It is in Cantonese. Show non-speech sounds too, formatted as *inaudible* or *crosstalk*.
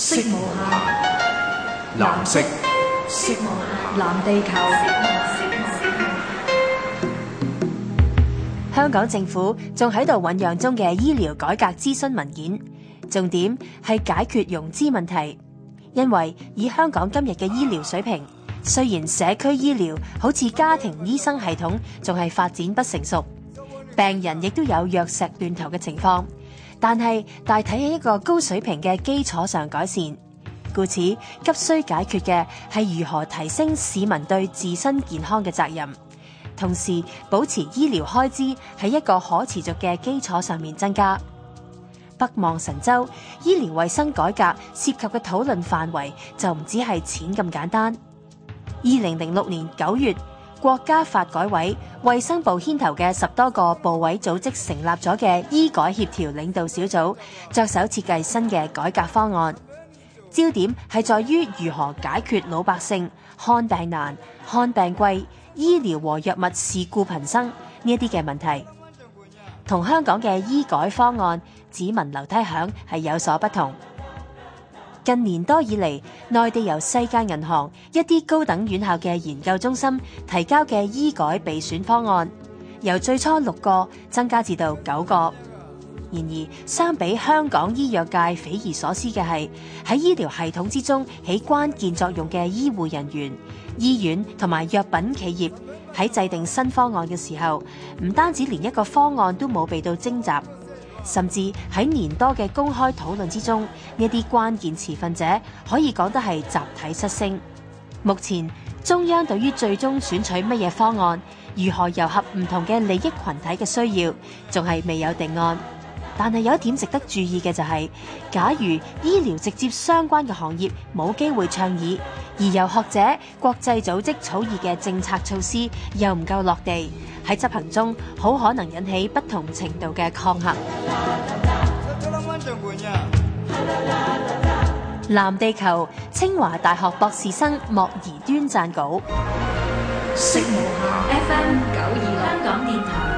色無下，藍色，藍地球。香港政府仲喺度醞釀中嘅醫療改革諮詢文件，重點係解決融資問題。因為以香港今日嘅醫療水平，雖然社區醫療好似家庭醫生系統仲係發展不成熟，病人亦都有藥石斷頭嘅情況。但係大體喺一個高水平嘅基礎上改善，故此急需解決嘅係如何提升市民對自身健康嘅責任，同時保持醫療開支喺一個可持續嘅基礎上面增加。北望神州，醫療衛生改革涉及嘅討論範圍就唔止係錢咁簡單。二零零六年九月。國家發改委、衛生部牽頭嘅十多個部委組織成立咗嘅醫改協調領導小組，着手設計新嘅改革方案。焦點係在於如何解決老百姓看病難、看病貴、醫療和藥物事故頻生呢一啲嘅問題，同香港嘅醫改方案只聞樓梯響係有所不同。近年多以嚟，內地由世界銀行一啲高等院校嘅研究中心提交嘅醫改備選方案，由最初六個增加至到九個。然而，相比香港醫藥界匪夷所思嘅係，喺醫療系統之中起關鍵作用嘅醫護人員、醫院同埋藥品企業喺制定新方案嘅時候，唔單止連一個方案都冇被到徵集。甚至喺年多嘅公開討論之中，呢啲關鍵持份者可以講得係集體失聲。目前中央對於最終選取乜嘢方案，如何糅合唔同嘅利益群體嘅需要，仲係未有定案。但係有一點值得注意嘅就係、是，假如醫療直接相關嘅行業冇機會倡議，而由學者、國際組織草擬嘅政策措施又唔夠落地，喺執行中好可能引起不同程度嘅抗衡。藍 *music* 地球，清華大學博士生莫宜端撰稿。F M 92.6，香港電台。